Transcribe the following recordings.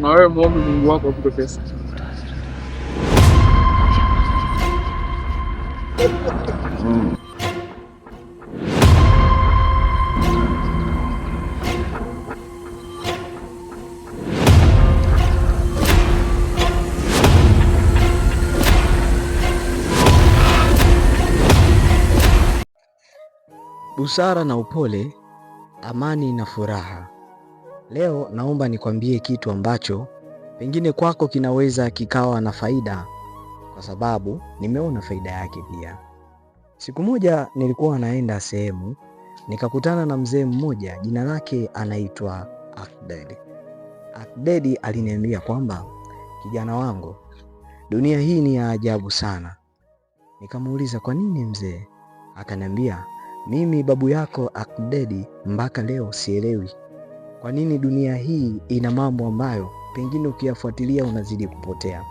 na wewe muombe Mungu wako akupe pesa. Busara na upole, amani na furaha. Leo naomba nikwambie kitu ambacho pengine kwako kinaweza kikawa na faida, kwa sababu nimeona faida yake pia. Siku moja nilikuwa naenda sehemu nikakutana na mzee mmoja, jina lake anaitwa Akdedi. Akdedi aliniambia kwamba kijana wangu, dunia hii ni ya ajabu sana. Nikamuuliza kwa nini mzee? Akaniambia, mimi babu yako Akdedi mpaka leo sielewi kwa nini dunia hii ina mambo ambayo pengine ukiyafuatilia unazidi kupotea?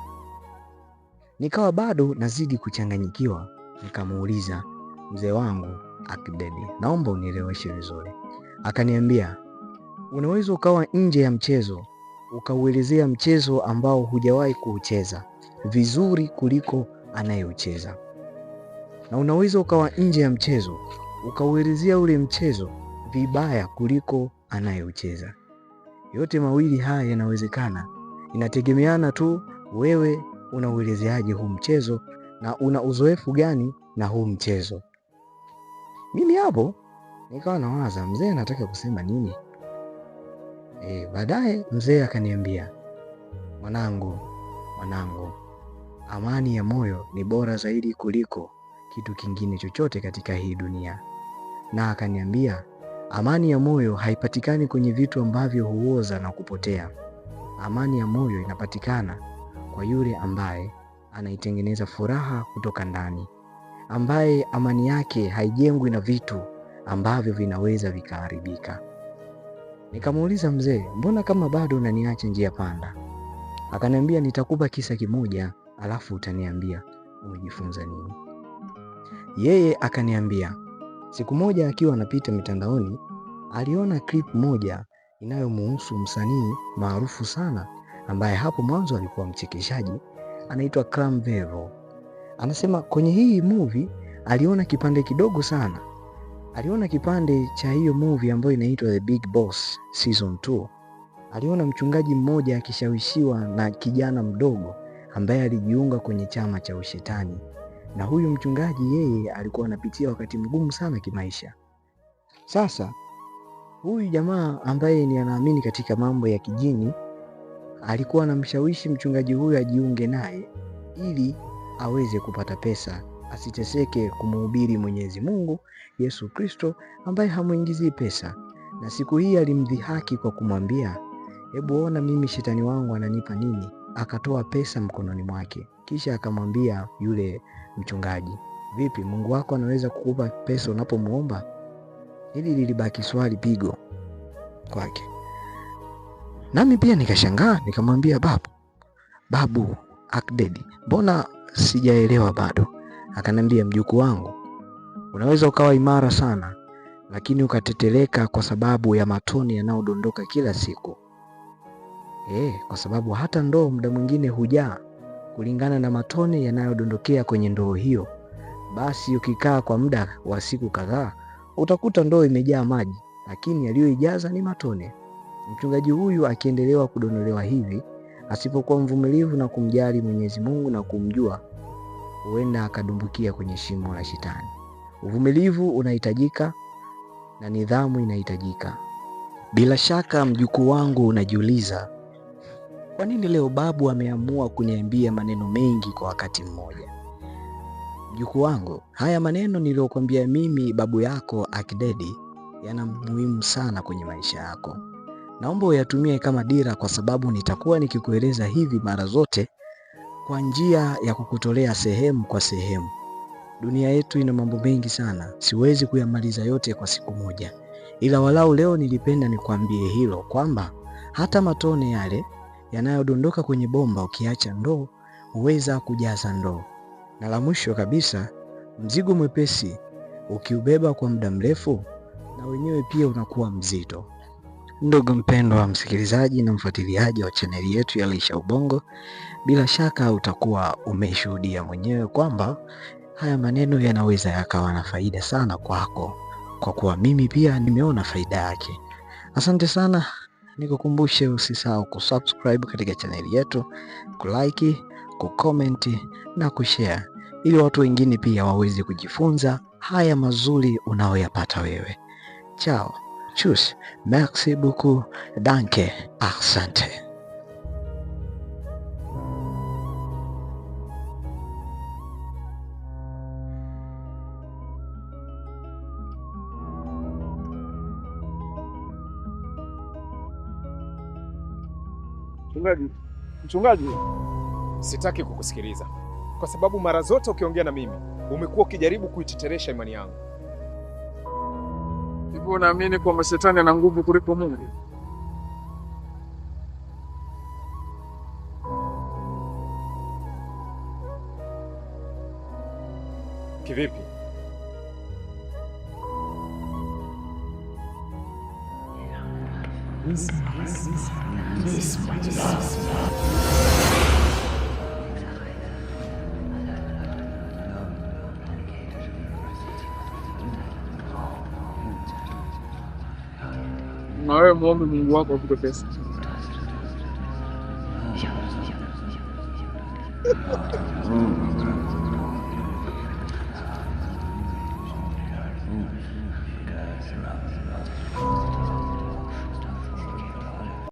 Nikawa bado nazidi kuchanganyikiwa, nikamuuliza mzee wangu akdedi naomba unieleweshe vizuri. Akaniambia, unaweza ukawa nje ya mchezo ukauelezea mchezo ambao hujawahi kuucheza vizuri kuliko anayeucheza, na unaweza ukawa nje ya mchezo ukauelezea ule mchezo vibaya kuliko anayeucheza. Yote mawili haya yanawezekana, inategemeana tu wewe unauelezeaje huu mchezo na una uzoefu gani na huu mchezo. Mimi hapo nikawa nawaza mzee anataka kusema nini. E, baadaye mzee akaniambia, mwanangu, mwanangu, amani ya moyo ni bora zaidi kuliko kitu kingine chochote katika hii dunia, na akaniambia Amani ya moyo haipatikani kwenye vitu ambavyo huoza na kupotea. Amani ya moyo inapatikana kwa yule ambaye anaitengeneza furaha kutoka ndani, ambaye amani yake haijengwi na vitu ambavyo vinaweza vikaharibika. Nikamuuliza, mzee, mbona kama bado unaniacha njia panda? Akaniambia, nitakupa kisa kimoja, alafu utaniambia umejifunza nini. Yeye akaniambia Siku moja akiwa anapita mitandaoni, aliona clip moja inayomhusu msanii maarufu sana ambaye hapo mwanzo alikuwa mchekeshaji, anaitwa Vevo. Anasema kwenye hii movie aliona kipande kidogo sana, aliona kipande cha hiyo movie ambayo inaitwa The Big Boss Season 2. Aliona mchungaji mmoja akishawishiwa na kijana mdogo ambaye alijiunga kwenye chama cha ushetani na huyu mchungaji yeye alikuwa anapitia wakati mgumu sana kimaisha. Sasa huyu jamaa ambaye ni anaamini katika mambo ya kijini alikuwa anamshawishi mchungaji huyu ajiunge naye ili aweze kupata pesa, asiteseke kumhubiri Mwenyezi Mungu Yesu Kristo ambaye hamwingizii pesa. Na siku hii alimdhihaki kwa kumwambia, hebu ona mimi shetani wangu ananipa nini? Akatoa pesa mkononi mwake. Kisha akamwambia yule mchungaji, vipi, Mungu wako anaweza kukupa pesa unapomuomba? Hili lilibaki swali pigo kwake, nami pia nikashangaa, nikamwambia babu, babu Akdedi, mbona sijaelewa bado? Akaniambia, mjukuu wangu, unaweza ukawa imara sana lakini ukateteleka kwa sababu ya matone yanayodondoka kila siku. E, kwa sababu hata ndoo muda mwingine hujaa kulingana na matone yanayodondokea kwenye ndoo hiyo. Basi ukikaa kwa muda wa siku kadhaa utakuta ndoo imejaa maji, lakini yaliyoijaza ni matone. Mchungaji huyu akiendelewa kudondolewa hivi, asipokuwa mvumilivu na kumjali Mwenyezi Mungu na kumjua, huenda akadumbukia kwenye shimo la Shetani. Uvumilivu unahitajika na nidhamu inahitajika. Bila shaka, mjukuu wangu, unajiuliza kwa nini leo babu ameamua kuniambia maneno mengi kwa wakati mmoja? Mjukuu wangu, haya maneno niliyokuambia mimi babu yako Akidedi yana muhimu sana kwenye maisha yako. Naomba uyatumie kama dira, kwa sababu nitakuwa nikikueleza hivi mara zote kwa njia ya kukutolea sehemu kwa sehemu. Dunia yetu ina mambo mengi sana, siwezi kuyamaliza yote kwa siku moja, ila walau leo nilipenda nikwambie hilo kwamba hata matone yale yanayodondoka kwenye bomba ukiacha ndoo huweza kujaza ndoo. Na la mwisho kabisa, mzigo mwepesi ukiubeba kwa muda mrefu na wenyewe pia unakuwa mzito. Ndugu mpendwa wa msikilizaji na mfuatiliaji wa chaneli yetu ya Lisha Ubongo, bila shaka utakuwa umeshuhudia mwenyewe kwamba haya maneno yanaweza yakawa na faida sana kwako, kwa kuwa mimi pia nimeona faida yake. Asante sana nikukumbushe usisahau kusubscribe katika chaneli yetu, kulike, kukomenti na kushare ili watu wengine pia waweze kujifunza haya mazuri unaoyapata wewe. Chao, chus, merci beaucoup, danke, asante. Mchungaji, mchungaji, sitaki kukusikiliza kwa sababu mara zote ukiongea na mimi umekuwa ukijaribu kuiteteresha imani yangu. Hivyo unaamini kwamba shetani ana nguvu kuliko Mungu? Kivipi? Моя влога не могла попробовать. Mm.